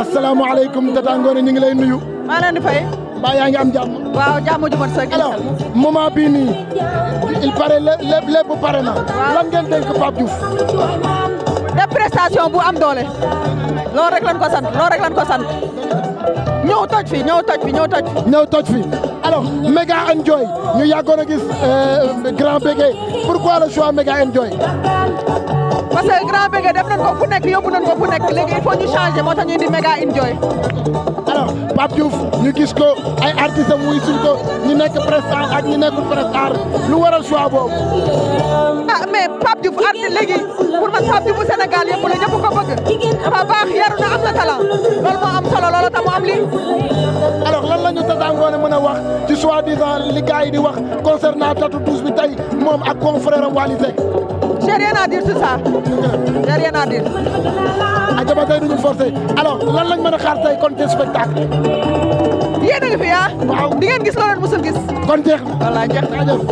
asalaamaaleykum Tata Ngoné ñu ngi lay nuyu. maa leen di fay. mbaa yaa ngi am jàmm. waaw jàmm ju mat sëkk. alors moment bii nii il paraît lépp lépp pare na. lan ngeen dénk Pape Diouf. de prestation bu am doole. loolu rek lañ ko sant loolu rek lañ ko toj fi ñëw toj fi ñëw toj fi. ñëw toj fi alors méga enjoy ñu yàggoon a gis euh, grand bégué pourquoi le choix méga enjoy. parce que grand bége def ko fu nekk yóbbu nañ ko fu nekk léegi il ñu changer moo tax ñu di méga enjoy. alors Pape ñu gis ko ay artistes am wuy ñu nekk prestar ak lu waral choix boobu. ah mais Pape Diouf léegi pour man Pape Diouf bu Sénégal ñëpp ko bëgg baax yaru am na talent loolu moo am solo loolu am lii. alors lan la ñu tasaangoone mën a wax ci soi li gars di wax concernant Tatou Touche bi tey moom ak confrère am rien à dire sur ça y a rien à dire. ajaba tey duñu forcé alors lan lañ mën a xaar tey kon ci spectacle. yéen a ngi fi ah. waaw di ngeen gis loo leen musul gis. kon jeex na voilà jeex na